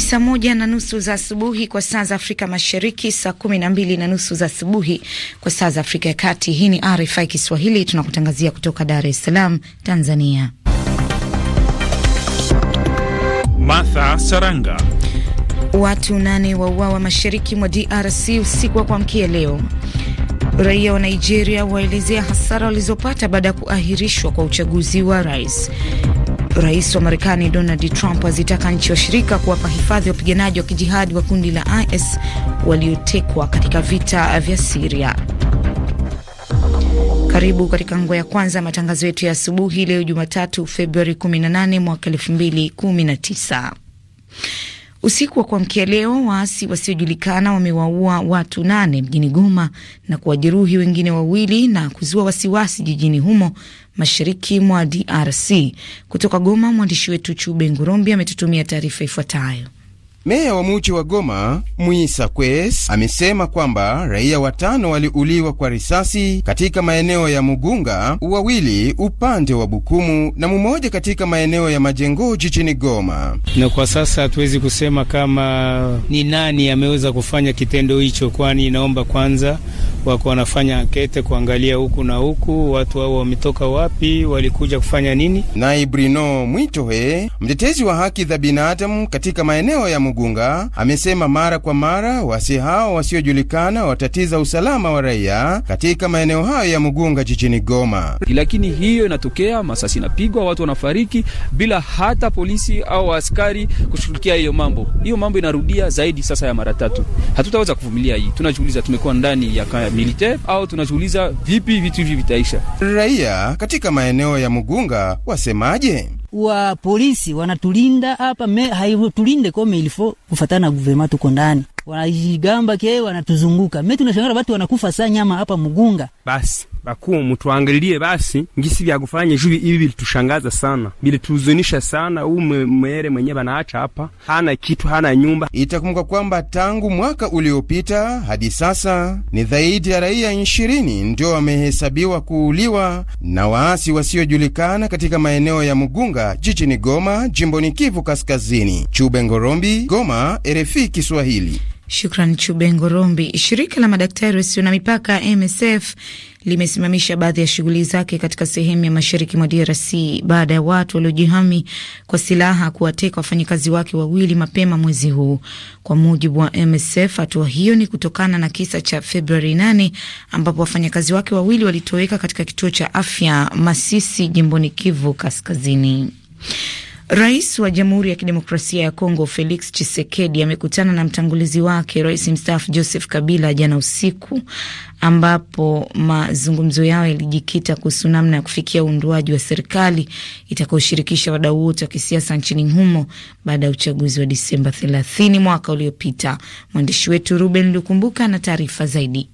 saa moja na nusu za asubuhi kwa saa za Afrika Mashariki, saa kumi na mbili na nusu za asubuhi kwa saa za Afrika ya Kati. Hii ni RFI Kiswahili, tunakutangazia kutoka Dar es Salaam, Tanzania. Martha Saranga. Watu nane wauawa mashariki mwa DRC usiku wa kuamkia leo. Raia wa Nigeria waelezea hasara walizopata baada ya kuahirishwa kwa uchaguzi wa rais. Rais wa Marekani Donald Trump azitaka nchi washirika kuwapa hifadhi wapiganaji wa kijihadi wa kundi la IS waliotekwa katika vita vya Siria. Karibu katika ngo ya kwanza ya matangazo yetu ya asubuhi leo Jumatatu, Februari 18 mwaka 2019. Usiku wa kuamkia leo waasi wasiojulikana wamewaua watu nane mjini Goma na kuwajeruhi wengine wawili na kuzua wasiwasi jijini humo, mashariki mwa DRC. Kutoka Goma, mwandishi wetu Chube Ngurombi ametutumia taarifa ifuatayo. Meya wa muji wa Goma Mwisa Kwes amesema kwamba raia watano waliuliwa kwa risasi katika maeneo ya Mugunga, wawili upande wa Bukumu na mmoja katika maeneo ya Majengo jijini Goma. Na kwa sasa hatuwezi kusema kama ni nani ameweza kufanya kitendo hicho, kwani inaomba kwanza wako wanafanya ankete kuangalia huku na huku, watu hao wametoka wapi, walikuja kufanya nini. Naye Brino Mwitohe, mtetezi wa haki za binadamu katika maeneo ya Mugunga, amesema mara kwa mara wasi hao wasiojulikana watatiza usalama wa raia katika maeneo hayo ya Mugunga jijini Goma. Lakini hiyo inatokea, masasi inapigwa, watu wanafariki bila hata polisi au askari kushughulikia hiyo mambo. Hiyo mambo inarudia zaidi sasa ya mara tatu. Hatutaweza kuvumilia hii, tunajiuliza tumekuwa ndani ya kaya militaire au tunajiuliza vipi vitu hivi vitaisha. Raia katika maeneo ya Mugunga wasemaje? wa polisi wanatulinda hapa, haitulinde kome ilifo kufatana na guvema, tuko ndani wanajigamba ke wanatuzunguka, me tunashangara watu wanakufa saa nyama hapa Mugunga basi Bakuu mutwangalilie basi ngisi vyagufanya jubi ibi bilitushangaza sana, bilituzunisha sana. Huu mwere mwenye banaacha hapa hana kitu, hana nyumba. Itakumbuka kwamba tangu mwaka uliopita hadi sasa ni zaidi ya raia ishirini ndio wamehesabiwa kuuliwa na waasi wasiojulikana katika maeneo ya Mugunga jijini Goma, jimboni Kivu Kaskazini. Chube Ngorombi, Goma, RFI Kiswahili. Shukran Chubengo Rombi. Shirika la madaktari wasio na mipaka MSF limesimamisha baadhi ya shughuli zake katika sehemu ya mashariki mwa DRC baada ya watu waliojihami kwa silaha kuwateka wafanyakazi wake wawili mapema mwezi huu. Kwa mujibu wa MSF, hatua hiyo ni kutokana na kisa cha Februari 8 ambapo wafanyakazi wake wawili walitoweka katika kituo cha afya Masisi, jimboni Kivu Kaskazini. Rais wa Jamhuri ya Kidemokrasia ya Kongo Felix Tshisekedi amekutana na mtangulizi wake rais mstaafu Joseph Kabila jana usiku, ambapo mazungumzo yao yalijikita kuhusu namna ya kufikia uundwaji wa serikali itakayoshirikisha wadau wote wa kisiasa nchini humo baada ya uchaguzi wa Disemba 30 mwaka uliopita. Mwandishi wetu Ruben Lukumbuka ana taarifa zaidi.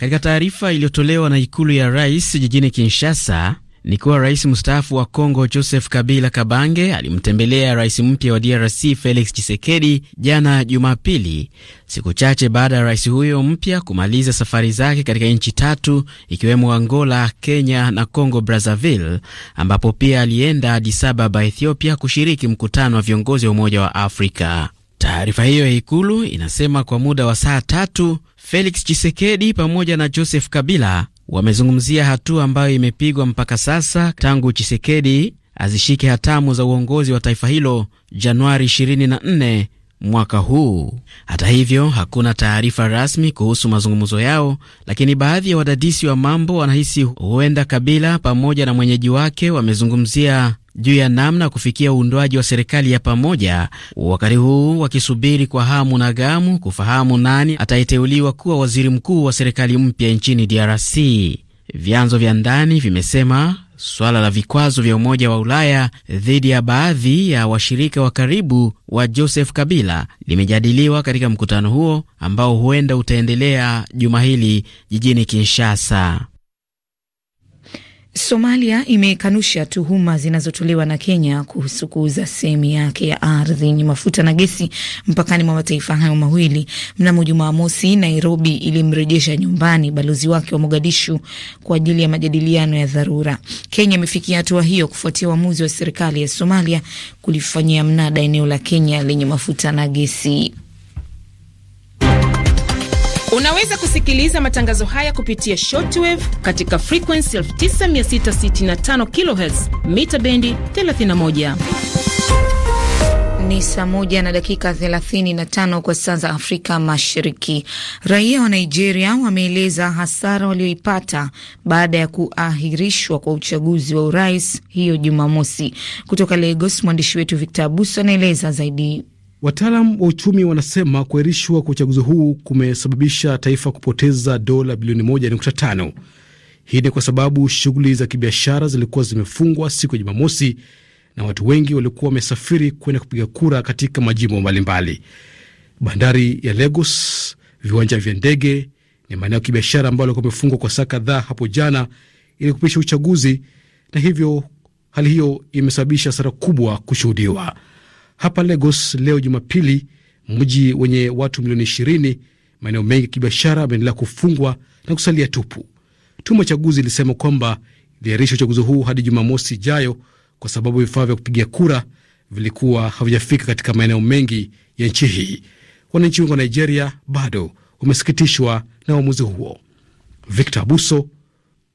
Katika taarifa iliyotolewa na ikulu ya rais jijini Kinshasa, ni kuwa rais mstaafu wa congo Joseph Kabila Kabange alimtembelea rais mpya wa DRC Felix chisekedi jana Jumapili, siku chache baada ya rais huyo mpya kumaliza safari zake katika nchi tatu ikiwemo Angola, Kenya na Congo Brazzaville, ambapo pia alienda Addis Ababa, Ethiopia, kushiriki mkutano wa viongozi wa Umoja wa Afrika. Taarifa hiyo ya Ikulu inasema kwa muda wa saa tatu Felix chisekedi pamoja na Joseph Kabila wamezungumzia hatua ambayo imepigwa mpaka sasa tangu Chisekedi azishike hatamu za uongozi wa taifa hilo Januari 24 mwaka huu. Hata hivyo, hakuna taarifa rasmi kuhusu mazungumzo yao, lakini baadhi ya wadadisi wa mambo wanahisi huenda Kabila pamoja na mwenyeji wake wamezungumzia juu ya namna ya kufikia uundwaji wa serikali ya pamoja, wakati huu wakisubiri kwa hamu na gamu kufahamu nani atayeteuliwa kuwa waziri mkuu wa serikali mpya nchini DRC. Vyanzo vya ndani vimesema suala la vikwazo vya Umoja wa Ulaya dhidi ya baadhi ya washirika wa karibu wa Joseph Kabila limejadiliwa katika mkutano huo ambao huenda utaendelea juma hili jijini Kinshasa. Somalia imekanusha tuhuma zinazotolewa na Kenya kuhusu kuuza sehemu yake ya ardhi yenye mafuta na gesi mpakani mwa mataifa hayo mawili. Mnamo Jumamosi, Nairobi ilimrejesha nyumbani balozi wake wa Mogadishu kwa ajili ya majadiliano ya dharura. Kenya imefikia hatua hiyo kufuatia uamuzi wa serikali ya Somalia kulifanyia mnada eneo la Kenya lenye mafuta na gesi. Unaweza kusikiliza matangazo haya kupitia shortwave katika frequency 9665 kHz mita bendi 31. Ni saa moja na dakika 35 kwa saa za Afrika Mashariki. Raia wa Nigeria wameeleza hasara walioipata baada ya kuahirishwa kwa uchaguzi wa urais hiyo Jumamosi. Kutoka Lagos, mwandishi wetu Victor Abuso anaeleza zaidi. Wataalam wa uchumi wanasema kuahirishwa kwa uchaguzi huu kumesababisha taifa kupoteza dola bilioni 1.5. Hii ni kwa sababu shughuli za kibiashara zilikuwa zimefungwa siku ya Jumamosi na watu wengi walikuwa wamesafiri kwenda kupiga kura katika majimbo mbalimbali. Bandari ya Lagos, viwanja vya ndege ni maeneo ya kibiashara ambayo alikuwa amefungwa kwa saa kadhaa hapo jana ili kupisha uchaguzi, na hivyo hali hiyo imesababisha hasara kubwa kushuhudiwa hapa Lagos leo Jumapili, mji wenye watu milioni 20. Maeneo mengi ya kibiashara ameendelea kufungwa na kusalia tupu. Tume ya uchaguzi ilisema kwamba iliahirisha uchaguzi huu hadi Jumamosi ijayo kwa sababu vifaa vya kupiga kura vilikuwa havijafika katika maeneo mengi ya nchi hii. Wananchi wengi wa Nigeria bado wamesikitishwa na uamuzi huo. Victor Abuso,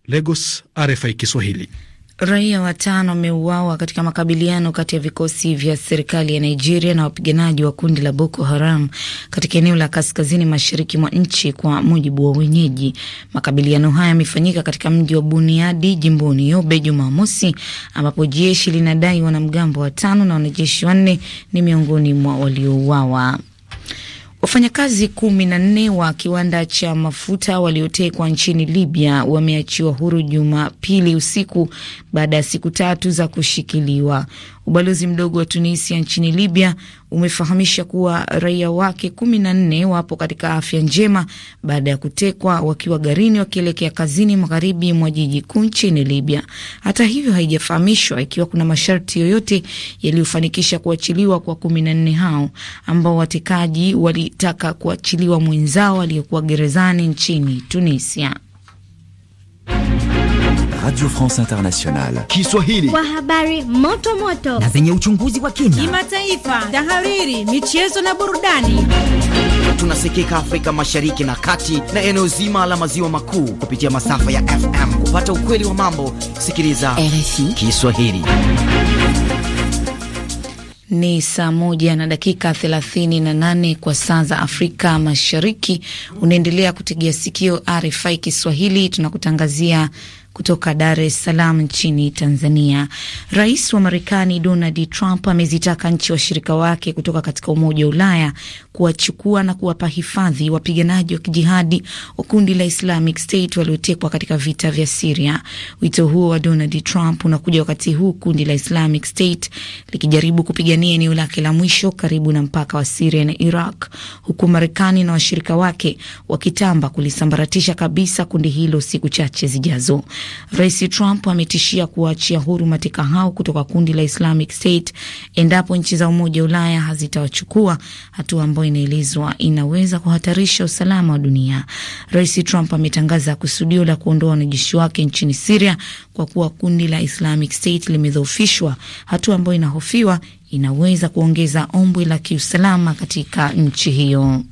Lagos, RFI Kiswahili. Raia watano wameuawa katika makabiliano kati ya vikosi vya serikali ya Nigeria na wapiganaji wa kundi la Boko Haram katika eneo la kaskazini mashariki mwa nchi, kwa mujibu wa wenyeji. Makabiliano haya yamefanyika katika mji wa Buniadi jimboni Yobe Jumamosi, ambapo jeshi linadai wanamgambo watano na wanajeshi wanne ni miongoni mwa waliouawa. Wafanyakazi kumi na nne wa kiwanda cha mafuta waliotekwa nchini Libya wameachiwa huru Jumapili usiku baada ya siku tatu za kushikiliwa. Ubalozi mdogo wa Tunisia nchini Libya umefahamisha kuwa raia wake kumi na nne wapo katika afya njema baada ya kutekwa wakiwa garini wakielekea kazini magharibi mwa jiji kuu nchini Libya. Hata hivyo, haijafahamishwa ikiwa kuna masharti yoyote yaliyofanikisha kuachiliwa kwa kumi na nne hao ambao watekaji walitaka kuachiliwa mwenzao aliyekuwa gerezani nchini Tunisia. Radio France Internationale Kiswahili kwa habari moto moto na zenye uchunguzi wa kina, kimataifa, tahariri, michezo na burudani. Tunasikika Afrika Mashariki na Kati na eneo zima la maziwa makuu kupitia masafa ya FM. Kupata ukweli wa mambo, sikiliza RFI Kiswahili. Ni saa moja na dakika 38 na kwa saa za Afrika Mashariki. Unaendelea kutegea sikio RFI Kiswahili, tunakutangazia kutoka Dar es Salaam nchini Tanzania. Rais wa Marekani Donald Trump amezitaka nchi washirika wake kutoka katika Umoja wa Ulaya kuwachukua na kuwapa hifadhi wapiganaji wa kijihadi wa kundi la Islamic State waliotekwa katika vita vya Siria. Wito huo wa Donald Trump unakuja wakati huu kundi la Islamic State likijaribu kupigania eneo lake la mwisho karibu na mpaka wa Siria na Iraq, huku Marekani na washirika wake wakitamba kulisambaratisha kabisa kundi hilo siku chache zijazo. Rais Trump ametishia kuwaachia huru mateka hao kutoka kundi la Islamic State endapo nchi za Umoja wa Ulaya hazitawachukua, hatua ambayo inaelezwa inaweza kuhatarisha usalama wa dunia. Rais Trump ametangaza kusudio la kuondoa wanajeshi wake nchini Siria kwa kuwa kundi la Islamic State limedhoofishwa, hatua ambayo inahofiwa inaweza kuongeza ombwe la kiusalama katika nchi hiyo.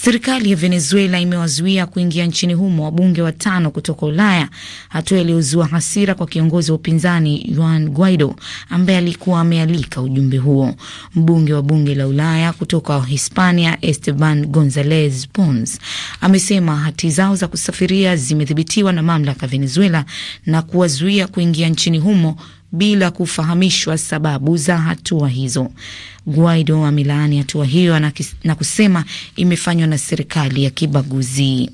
Serikali ya Venezuela imewazuia kuingia nchini humo wabunge watano kutoka Ulaya, hatua iliyozua hasira kwa kiongozi wa upinzani Juan Guaido ambaye alikuwa amealika ujumbe huo. Mbunge wa bunge la Ulaya kutoka Hispania Esteban Gonzalez Pons amesema hati zao za kusafiria zimethibitiwa na mamlaka Venezuela na kuwazuia kuingia nchini humo bila kufahamishwa sababu za hatua hizo. Guaido amelaani hatua hiyo na, kusema imefanywa na serikali ya kibaguzi.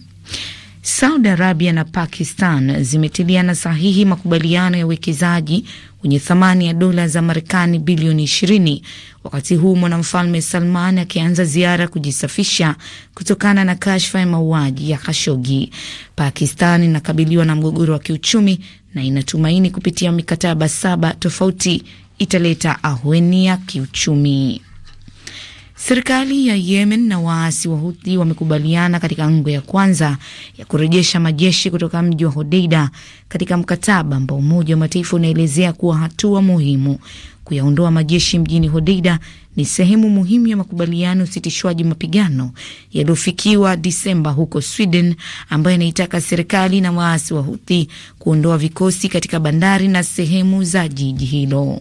Saudi Arabia na Pakistan zimetiliana sahihi makubaliano ya uwekezaji wenye thamani ya dola za Marekani bilioni 20 wakati huu mwanamfalme Salman akianza ziara kujisafisha kutokana na kashfa ya mauaji ya Khashoggi. Pakistan inakabiliwa na mgogoro wa kiuchumi na inatumaini kupitia mikataba saba tofauti italeta ahueni ya kiuchumi. Serikali ya Yemen na waasi wa wamekubaliana katika ngo ya kwanza ya kurejesha majeshi kutoka mji wa Hodeida katika mkataba ambao Umoja wa Mataifa unaelezea kuwa hatua muhimu Kuyaondoa majeshi mjini Hodeida ni sehemu muhimu ya makubaliano ya usitishwaji mapigano yaliyofikiwa Disemba huko Sweden, ambayo inaitaka serikali na waasi wa Huthi kuondoa vikosi katika bandari na sehemu za jiji hilo.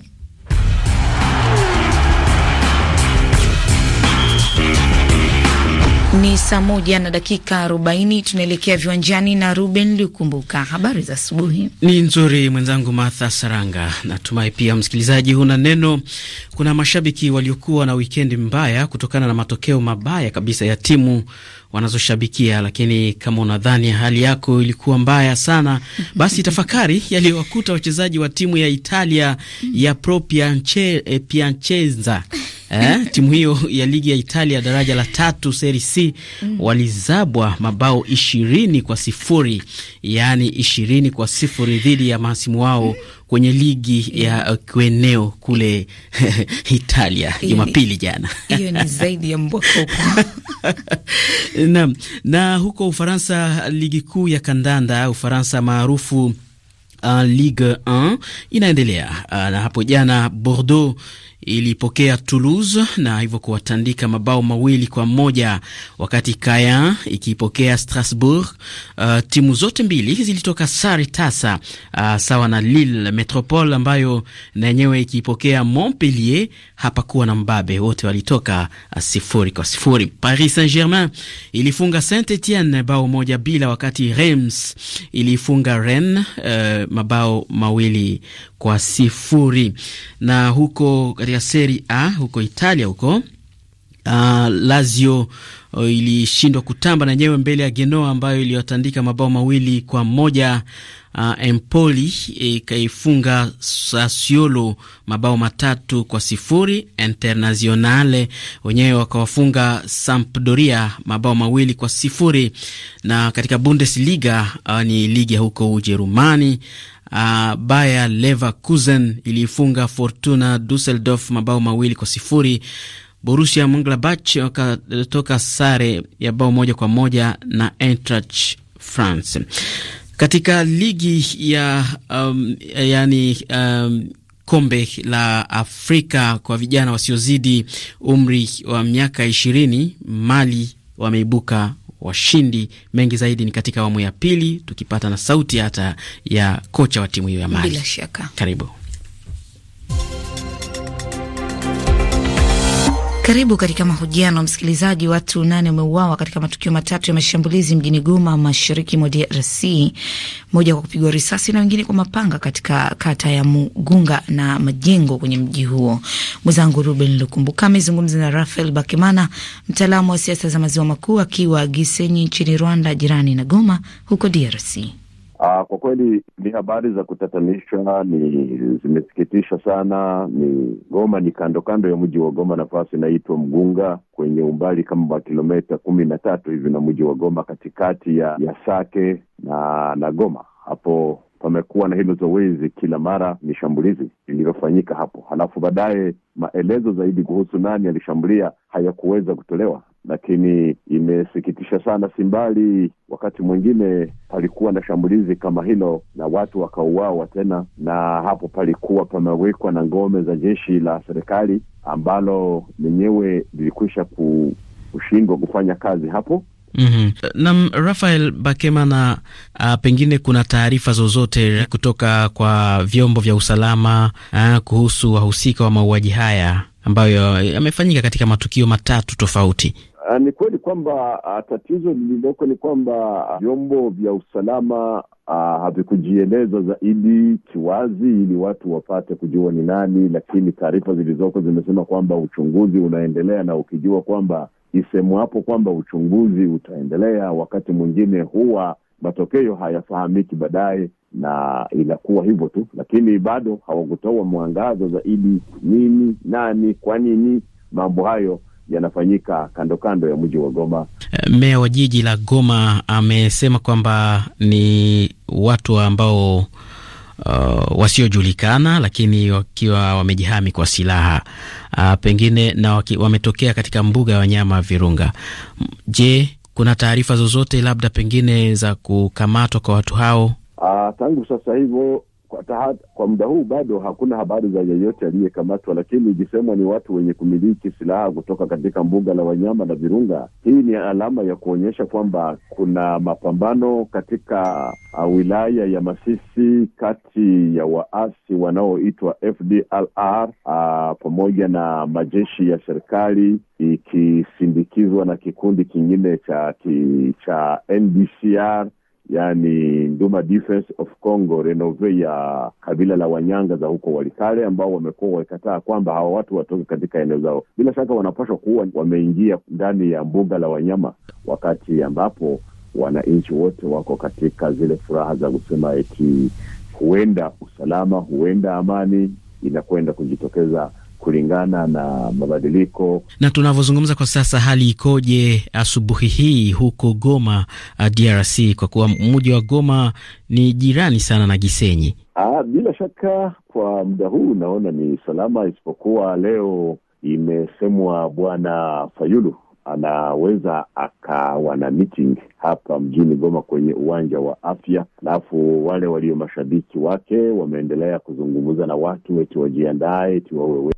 Ni saa moja na dakika arobaini. Tunaelekea viwanjani na Ruben Lukumbuka. Habari za asubuhi ni nzuri, mwenzangu Martha Saranga. Natumai pia msikilizaji huna neno. Kuna mashabiki waliokuwa na wikendi mbaya kutokana na matokeo mabaya kabisa ya timu wanazoshabikia, lakini kama unadhani hali yako ilikuwa mbaya sana, basi tafakari yaliyowakuta wachezaji wa timu ya Italia ya Pro Piacenza eh, eh, timu hiyo ya ligi ya Italia daraja la tatu Serie C mm. walizabwa mabao ishirini kwa sifuri yaani ishirini kwa sifuri dhidi ya mahasimu wao kwenye ligi ya uh, kueneo kule Italia Jumapili jana. Hiyo ni zaidi ya na huko Ufaransa, ligi kuu ya kandanda Ufaransa maarufu Uh, Ligue 1 inaendelea uh, na hapo jana Bordeaux ilipokea Toulouse na hivyo kuwatandika mabao mawili kwa moja, wakati Kaya ikipokea Strasbourg. Uh, timu zote mbili zilitoka sare tasa, uh, sawa na Lille Metropole ambayo na yenyewe ikipokea Montpellier, hapakuwa na mbabe, wote walitoka uh, sifuri kwa sifuri. Paris Saint-Germain ilifunga Saint-Etienne bao moja bila, wakati Reims ilifunga Rennes uh, mabao mawili kwa sifuri na huko katika Serie A huko Italia huko Uh, Lazio uh, ilishindwa kutamba na nyewe mbele ya Genoa ambayo iliwatandika mabao mawili kwa moja. Uh, Empoli ikaifunga Sassuolo mabao matatu kwa sifuri. Internazionale wenyewe wakawafunga Sampdoria mabao mawili kwa sifuri. Na katika Bundesliga uh, ni ligi ya huko Ujerumani Uh, Bayer Leverkusen iliifunga Fortuna Dusseldorf mabao mawili kwa sifuri. Borusia mnglabach wakatoka sare ya bao moja kwa moja na Eintracht France. Katika ligi ya um, yani um, kombe la Afrika kwa vijana wasiozidi umri wa miaka ishirini, Mali wameibuka washindi. Mengi zaidi ni katika awamu ya pili, tukipata na sauti hata ya kocha wa timu hiyo ya Mali. Bila shaka. Karibu. Karibu katika mahojiano msikilizaji. Watu nane wameuawa katika matukio matatu ya mashambulizi mjini Goma, mashariki mwa DRC, mmoja kwa kupigwa risasi na wengine kwa mapanga katika kata ya Mugunga na majengo kwenye mji huo. Mwenzangu Ruben Lukumbuka amezungumza na Rafael Bakemana, mtaalamu wa siasa za maziwa makuu, akiwa Gisenyi nchini Rwanda, jirani na Goma huko DRC. Aa, ah, kwa kweli ni habari za kutatanisha, ni zimesikitisha sana. Ni Goma ni kando kando ya mji wa Goma, nafasi inaitwa Mgunga, kwenye umbali kama wa kilometa kumi na tatu hivi na mji wa Goma, katikati ya, ya Sake na na Goma hapo pamekuwa na hilo zoezi, kila mara ni shambulizi lililofanyika hapo, halafu baadaye maelezo zaidi kuhusu nani alishambulia hayakuweza kutolewa, lakini imesikitisha sana, simbali wakati mwingine palikuwa na shambulizi kama hilo na watu wakauawa tena, na hapo palikuwa pamewekwa na ngome za jeshi la serikali ambalo lenyewe lilikwisha kushindwa kufanya kazi hapo. Mm -hmm. Nam Rafael Bakemana, a, ah, pengine kuna taarifa zozote kutoka kwa vyombo vya usalama a, ah, kuhusu wahusika wa mauaji haya? ambayo yamefanyika katika matukio matatu tofauti. Ah, ni kweli kwamba ah, tatizo lililoko ni kwamba ah, vyombo vya usalama havikujieleza zaidi kiwazi ili watu wapate kujua ni nani, lakini taarifa zilizoko zimesema kwamba uchunguzi unaendelea, na ukijua kwamba isemwapo kwamba uchunguzi utaendelea, wakati mwingine huwa matokeo hayafahamiki baadaye, na inakuwa hivyo tu, lakini bado hawakutoa mwangazo zaidi, nini, nani, kwa nini mambo hayo yanafanyika kando kando ya mji wa Goma. Eh, meya wa jiji la Goma amesema kwamba ni watu ambao uh, wasiojulikana lakini wakiwa wamejihami kwa silaha uh, pengine na waki, wametokea katika mbuga ya wanyama Virunga. Je, kuna taarifa zozote labda pengine za kukamatwa kwa watu hao? Aa, ah, tangu sasa hivyo kwa, kwa muda huu bado hakuna habari za yeyote aliyekamatwa, lakini ikisemwa ni watu wenye kumiliki silaha kutoka katika mbuga la wanyama la Virunga. Hii ni alama ya kuonyesha kwamba kuna mapambano katika ah, wilaya ya Masisi kati ya waasi wanaoitwa FDLR uh, ah, pamoja na majeshi ya serikali ikisindikizwa na kikundi kingine cha, cha NDCR yani Nduma Defense of Congo Renove ya kabila la Wanyanga za huko Walikale, ambao wamekuwa wakikataa kwamba hawa watu watoke katika eneo zao. Bila shaka wanapashwa kuwa wameingia ndani ya mbuga la wanyama, wakati ambapo wananchi wote wako katika zile furaha za kusema eti huenda usalama, huenda amani inakwenda kujitokeza kulingana na mabadiliko. Na tunavyozungumza kwa sasa, hali ikoje asubuhi hii huko Goma, uh, DRC, kwa kuwa mji wa Goma ni jirani sana na Gisenyi? Aa, ah, bila shaka kwa muda huu naona ni salama, isipokuwa leo imesemwa Bwana Fayulu anaweza akawa na meeting hapa mjini Goma kwenye uwanja wa afya, alafu wale walio mashabiki wake wameendelea kuzungumza na watu eti wajiandae, eti wawe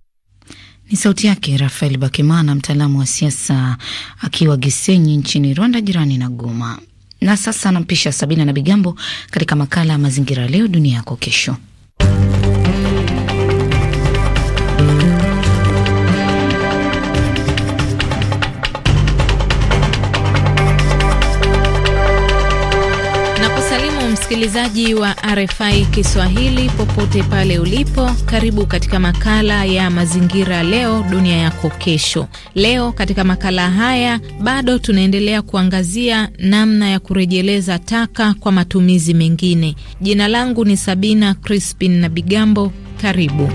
ni sauti yake Rafael Bakimana, mtaalamu wa siasa akiwa Gisenyi nchini Rwanda, jirani na Goma. Na sasa anampisha Sabina na Bigambo katika makala ya mazingira, leo dunia yako kesho. Msikilizaji wa RFI Kiswahili popote pale ulipo, karibu katika makala ya mazingira leo dunia yako kesho. Leo katika makala haya bado tunaendelea kuangazia namna ya kurejeleza taka kwa matumizi mengine. Jina langu ni Sabina Crispin na Bigambo, karibu.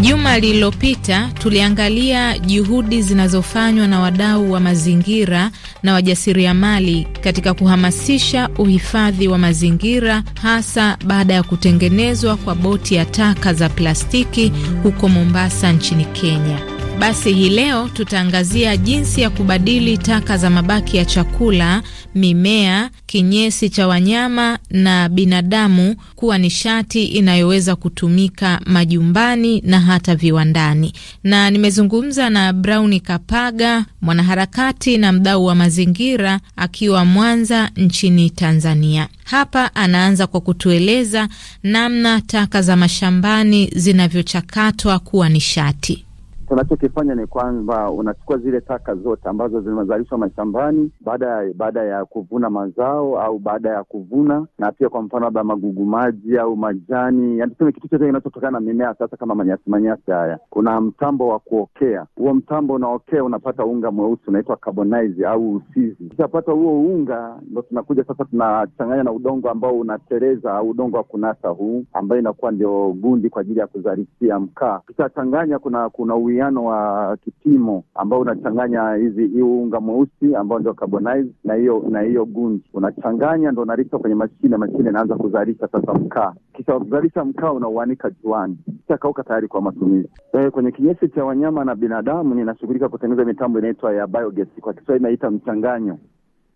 Juma lililopita tuliangalia juhudi zinazofanywa na wadau wa mazingira na wajasiriamali katika kuhamasisha uhifadhi wa mazingira hasa baada ya kutengenezwa kwa boti ya taka za plastiki huko Mombasa nchini Kenya. Basi hii leo tutaangazia jinsi ya kubadili taka za mabaki ya chakula, mimea, kinyesi cha wanyama na binadamu kuwa nishati inayoweza kutumika majumbani na hata viwandani. Na nimezungumza na Brauni Kapaga, mwanaharakati na mdau wa mazingira, akiwa Mwanza nchini Tanzania. Hapa anaanza kwa kutueleza namna taka za mashambani zinavyochakatwa kuwa nishati tunachokifanya ni kwamba unachukua zile taka zote ambazo zinazalishwa mashambani baada ya baada ya kuvuna mazao au baada ya kuvuna, na pia kwa mfano labda magugu maji au majani, yani tuseme kitu chote kinachotokana na mimea. Sasa kama manyasi manyasi haya, kuna mtambo wa kuokea. Huo mtambo unaokea, unapata unga mweusi unaitwa carbonize au usizi. Ukishapata huo unga, ndo tunakuja sasa tunachanganya na udongo ambao unatereza au udongo wa kunasa huu, ambayo inakuwa ndio gundi kwa ajili ya kuzalishia mkaa. ukishachanganya kuna kuna uwi muingiliano wa kipimo ambao unachanganya hizi huu unga mweusi ambao ndio carbonize na hiyo na hiyo gunji, unachanganya ndo unarisha kwenye mashine. Mashine inaanza kuzalisha sasa mkaa, kisha kuzalisha mkaa unauanika juani, kauka tayari kwa matumizi. E, kwenye kinyesi cha wanyama na binadamu ninashughulika kutengeneza mitambo inaitwa ya biogas, kwa Kiswahili inaita mchanganyo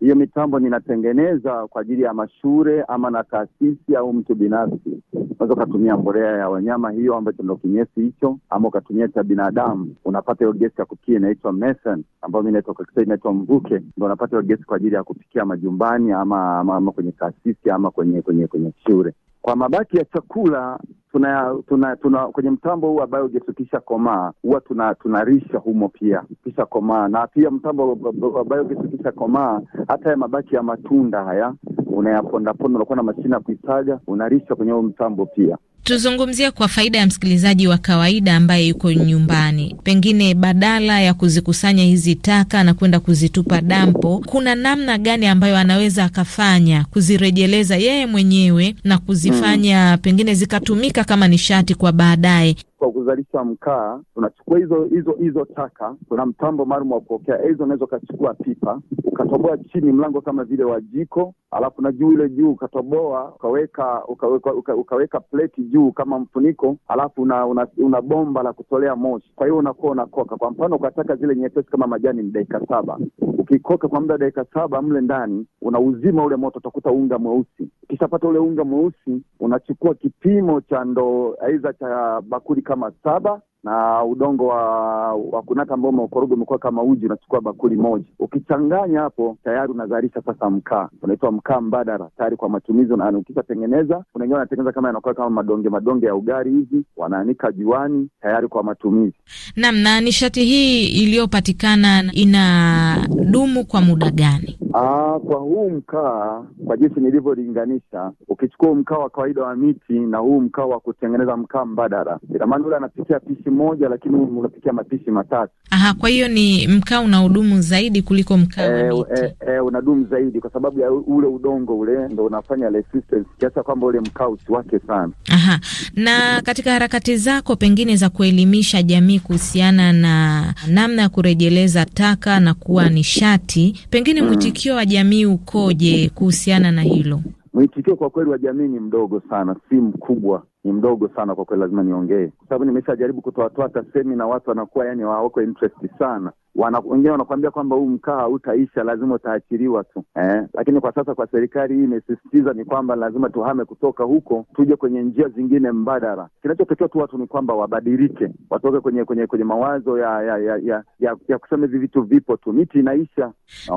hiyo mitambo ninatengeneza kwa ajili ya mashure ama na taasisi au mtu binafsi. Unaweza ukatumia mbolea ya wanyama hiyo, ambacho ndo kinyesi hicho, ama ukatumia cha binadamu, unapata hiyo gesi ya kupikia inaitwa methane, ambayo mi naitwa kwa Kiswahili inaitwa mvuke, ndo unapata hiyo gesi kwa ajili ya kupikia majumbani ama, ama, ama kwenye taasisi ama kwenye kwenye kwenye shure. Kwa mabaki ya chakula tuna, tuna, tuna kwenye mtambo huu ambayo gesi komaa huwa tuna tunarisha humo pia kisha komaa, na pia mtambo ambayo gesi kisha komaa, hata ya mabaki ya matunda haya unayapondaponda, unakuwa na mashina ya kuitaga, unarisha kwenye huo mtambo pia. Tuzungumzie kwa faida ya msikilizaji wa kawaida ambaye yuko nyumbani, pengine badala ya kuzikusanya hizi taka na kwenda kuzitupa dampo, kuna namna gani ambayo anaweza akafanya kuzirejeleza yeye mwenyewe na kuzifanya hmm. pengine zikatumika kama nishati kwa baadaye? kwa kuzalisha mkaa, tunachukua hizo hizo hizo taka. Kuna mtambo maalum wa kuokea hizo, unaweza ukachukua pipa ukatoboa chini mlango kama vile wa jiko, alafu na juu ile juu ukatoboa ukaweka ukaweka, uka, ukaweka pleti juu kama mfuniko, alafu una, una, una bomba la kutolea moshi. Kwa hiyo unakuwa unakoka. Kwa mfano ukataka zile nyepesi kama majani ni dakika saba, ukikoka kwa muda wa dakika saba mle ndani, unauzima ule moto, utakuta unga mweusi. Ukishapata ule unga mweusi, unachukua kipimo cha ndoo aidha cha bakuli kama saba na udongo wa, wa kunata mboma ukoroge umekuwa kama uji, unachukua bakuli moja, ukichanganya hapo tayari unazalisha sasa mkaa, unaitwa mkaa mbadala, tayari kwa matumizi. Na ukishatengeneza unaingia unatengeneza kama yanakuwa kama madonge madonge ya ugali hivi, wanaanika juani, tayari kwa matumizi. Naam. Na nishati hii iliyopatikana ina dumu kwa muda gani? Aa, kwa huu mkaa kwa jinsi nilivyolinganisha, ukichukua mkaa wa kawaida wa miti na huu mkaa wa kutengeneza mkaa mbadala, ina maana ule anapikia pishi moja, lakini unapikia mapishi matatu. Aha, kwa hiyo ni mkaa unahudumu zaidi kuliko mkaa wa eh, miti. E, e, unadumu zaidi kwa sababu ya ule udongo ule ndo unafanya resistance kiasi kwamba ule mkaa usiwake sana. Aha, na katika harakati zako pengine za kuelimisha jamii kuhusiana na namna ya kurejeleza taka na kuwa nishati, pengine mm. mwitikio mm, wa jamii ukoje kuhusiana na hilo? mwitikio kwa kweli wa jamii ni mdogo sana, si mkubwa, ni mdogo sana kwa kweli. Lazima niongee kwa sababu nimeshajaribu kutoatoa hata semina, watu wanakuwa yani hawako interesti sana wana wengine wanakuambia kwamba huu mkaa hautaisha, lazima utaachiriwa tu eh. Lakini kwa sasa kwa serikali hii imesisitiza ni kwamba lazima tuhame kutoka huko tuje kwenye njia zingine mbadala. Kinachotokea tu watu ni kwamba wabadilike, watoke kwenye kwenye kwenye mawazo ya ya ya ya, ya, ya kusema hivi vitu vipo tu, miti inaisha.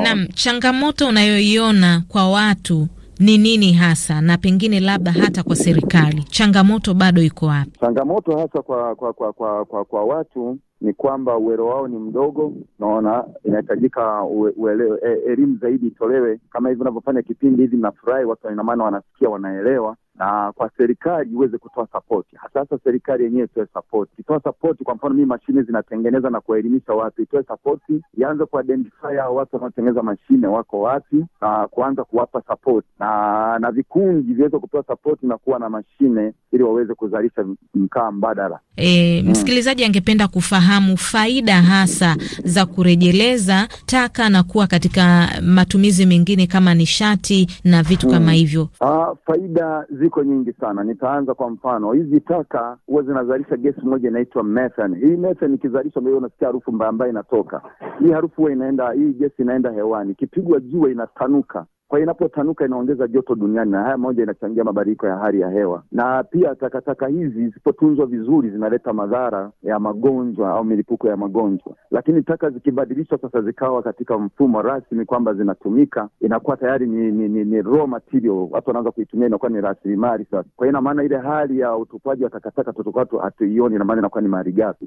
Naam, changamoto unayoiona kwa watu ni nini hasa, na pengine labda hata kwa serikali changamoto bado iko wapi? Changamoto hasa kwa kwa kwa kwa, kwa, kwa watu ni kwamba uwero wao ni mdogo. Naona inahitajika e, elimu zaidi itolewe, kama hivi unavyofanya kipindi hivi, nafurahi watu, ina maana wanasikia, wanaelewa na kwa serikali iweze kutoa sapoti, hasa hasa serikali yenyewe itoe sapoti, ikitoa sapoti. Kwa mfano, mii mashine zinatengeneza na kuwaelimisha watu, itoe sapoti, ianze kuidentify hao watu wanaotengeneza mashine wako wapi na kuanza kuwapa sapoti, na na vikundi viweze kupewa sapoti na kuwa na mashine ili waweze kuzalisha mkaa mbadala. E, hmm. msikilizaji mm, angependa kufahamu faida hasa za kurejeleza taka na kuwa katika matumizi mengine kama nishati na vitu kama hmm. hivyo. Mm, faida zi ziko nyingi sana. Nitaanza kwa mfano, hizi taka huwa zinazalisha gesi moja inaitwa methane. Hii ikizalishwa, ndio unasikia harufu mbaya mbaya inatoka. Hii harufu huwa inaenda, hii gesi inaenda hewani, ikipigwa jua inatanuka kwa inapotanuka inaongeza joto duniani, na haya moja inachangia mabadiliko ya hali ya hewa. Na pia takataka hizi zisipotunzwa vizuri zinaleta madhara ya magonjwa au milipuko ya magonjwa. Lakini taka zikibadilishwa sasa zikawa katika mfumo rasmi kwamba zinatumika, inakuwa tayari ni, ni, ni, ni raw material, watu wanaanza kuitumia, inakuwa ni rasilimali sasa. Kwa hiyo ina maana ile hali ya utupaji wa takataka tutakuwa hatuioni, inamaana inakuwa ni malighafi.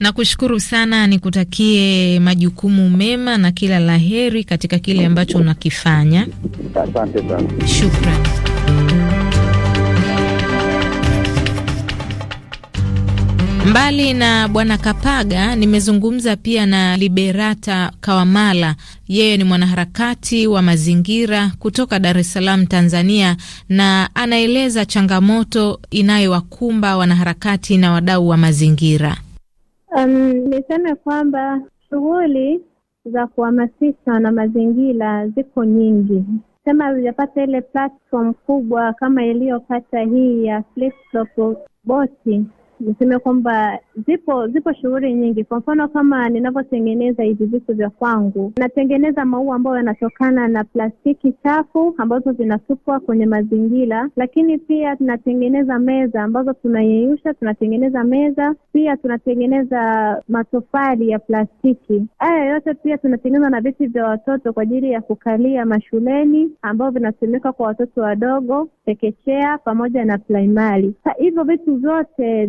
Nakushukuru sana, nikutakie majukumu mema na kila laheri katika kile ambacho unakifanya. Asante sana, shukran. Mbali na Bwana Kapaga, nimezungumza pia na Liberata Kawamala. Yeye ni mwanaharakati wa mazingira kutoka Dar es Salaam, Tanzania, na anaeleza changamoto inayowakumba wanaharakati na wadau wa mazingira. Um, niseme kwamba shughuli za kuhamasisha na mazingira ziko nyingi, sema zijapata ile platform kubwa kama iliyopata hii ya boti niseme kwamba zipo zipo shughuli nyingi. Kwa mfano kama ninavyotengeneza hivi vitu vya kwangu, natengeneza maua ambayo yanatokana na plastiki chafu ambazo zinatupwa kwenye mazingira, lakini pia tunatengeneza meza ambazo tunayeyusha, tunatengeneza meza, pia tunatengeneza matofali ya plastiki. Haya yote pia tunatengeneza na viti vya watoto kwa ajili ya kukalia mashuleni, ambavyo vinatumika kwa watoto wadogo chekechea pamoja na primary. Hivyo vitu vyote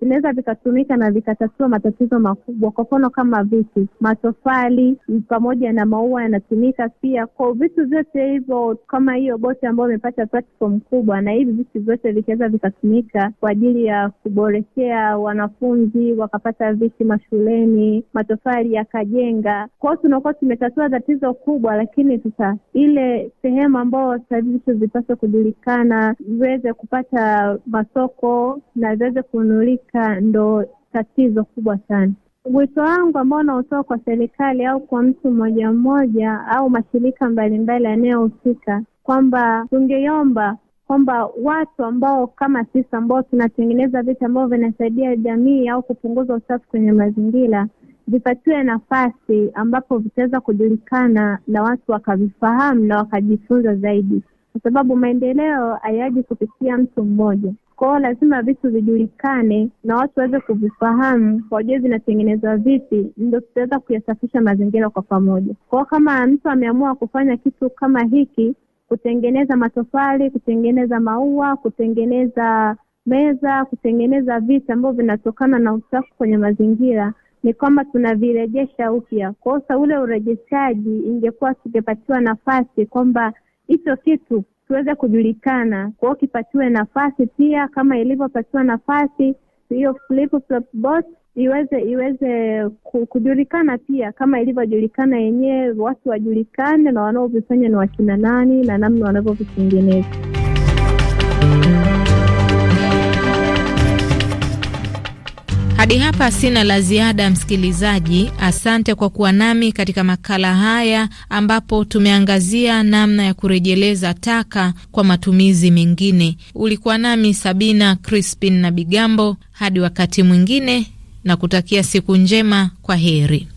vinaweza vikatumika na vikatatua matatizo makubwa, kwa mfano kama viti, matofali pamoja na maua yanatumika pia. Kwa vitu vyote hivyo, kama hiyo boti ambayo imepata platform kubwa, na hivi vitu vyote vikaweza vikatumika kwa ajili ya kuboreshea wanafunzi, wakapata viti mashuleni, matofali yakajenga. kwao tunakuwa tumetatua tatizo kubwa, lakini sasa ile sehemu ambayo sahivi vitu vipaswa kujulikana sana ziweze kupata masoko na ziweze kununulika, ndo tatizo kubwa sana. Wito wangu ambao unaotoa kwa serikali au kwa mtu mmoja mmoja au mashirika mbalimbali yanayohusika, kwamba tungeomba kwamba watu ambao kama sisi ambao tunatengeneza vitu ambavyo vinasaidia jamii au kupunguza usafi kwenye mazingira vipatiwe nafasi ambapo vitaweza kujulikana na watu wakavifahamu na wakajifunza zaidi kwa sababu maendeleo hayaji kupitia mtu mmoja. kwao, lazima vitu vijulikane na watu waweze kuvifahamu, wajue vinatengenezwa vipi, ndo tutaweza kuyasafisha mazingira kwa pamoja. Kwao kama mtu ameamua kufanya kitu kama hiki, kutengeneza matofali, kutengeneza maua, kutengeneza meza, kutengeneza vitu ambavyo vinatokana na uchafu kwenye mazingira, ni kwamba tunavirejesha upya. Kwa ule urejeshaji, ingekuwa tungepatiwa nafasi kwamba hicho kitu tuweze kujulikana, kwa kipatiwe nafasi pia, kama ilivyopatiwa nafasi hiyo flip flop bot iweze iweze kujulikana pia kama ilivyojulikana yenyewe, watu wajulikane na wanaovifanya ni wakina nani na namna wanavyovitengeneza Hadi hapa sina la ziada, msikilizaji. Asante kwa kuwa nami katika makala haya ambapo tumeangazia namna ya kurejeleza taka kwa matumizi mengine. Ulikuwa nami Sabina Crispin na Bigambo. Hadi wakati mwingine, na kutakia siku njema. Kwa heri.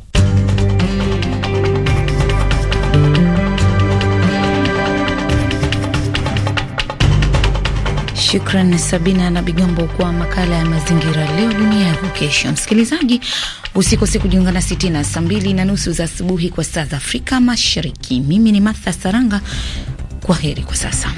Shukran Sabina na Bigambo kwa makala ya mazingira leo dunia yako kesho. Msikilizaji, usikose kujiunga nasi tena saa mbili na nusu za asubuhi kwa saa za Afrika Mashariki. Mimi ni Martha Saranga, kwa heri kwa sasa.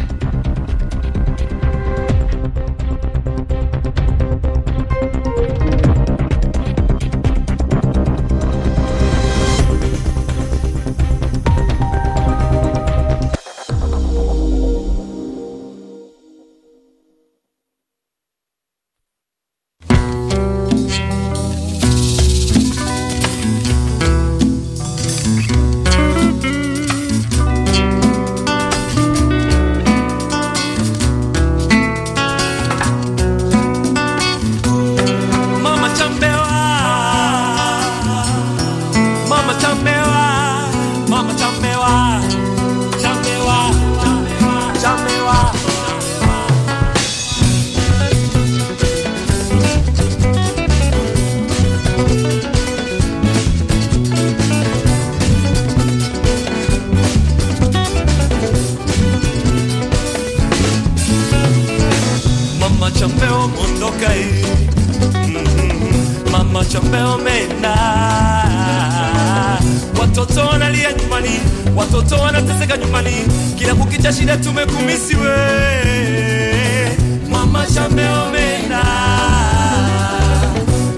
watoto wanateseka nyumbani, kila kukicha shida, tumekumisi we mama shambe omena,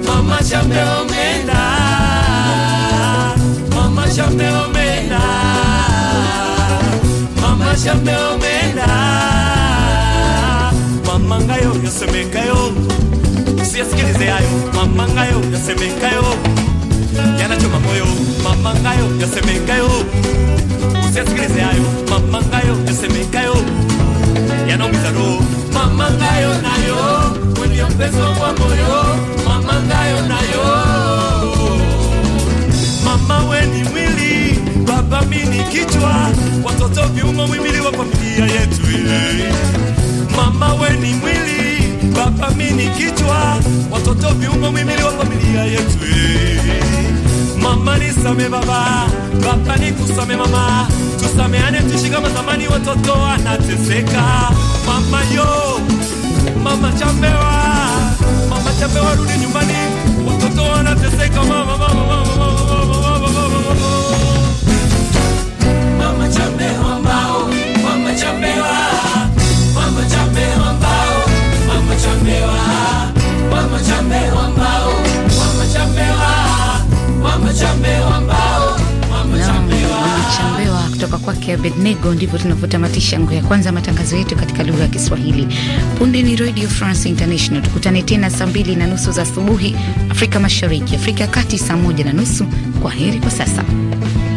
mama shambe omena, mama shambe omena, mama shambe omena, mama ngayo yasemekayo, usiyasikilize hayo, mama ngayo yasemekayo yanachoma moyo mama ngayo yasemekayo usiasikilize hayo mama ngayo yasemekayo yanaumiza roho mama ngayo nayo wendio mpezo kwa moyo mama ngayo nayo mama weni mwili baba mini kichwa watoto viumo mwimili wa familia yetu ile mama weni mwili baba mini kichwa watoto viumo mwimili wa familia yetu ile Mama nisame baba, baba nikusame mama, tusameane tuishi kama zamani, watoto wanateseka. Mama yo, mama chambewa, mama chambewa, rudi nyumbani, watoto wanateseka. Mama, mama, mama, mama, mama, chambewa mama chambewa, mama chambewa mama chambewa, chambewa kutoka kwake Abednego. Ndivyo tunavyotamatisha nguo ya kwanza matangazo yetu katika lugha ya Kiswahili. Punde ni Radio France International. Tukutane tena saa mbili na nusu za asubuhi Afrika Mashariki, Afrika ya Kati saa moja na nusu. Kwa heri kwa sasa.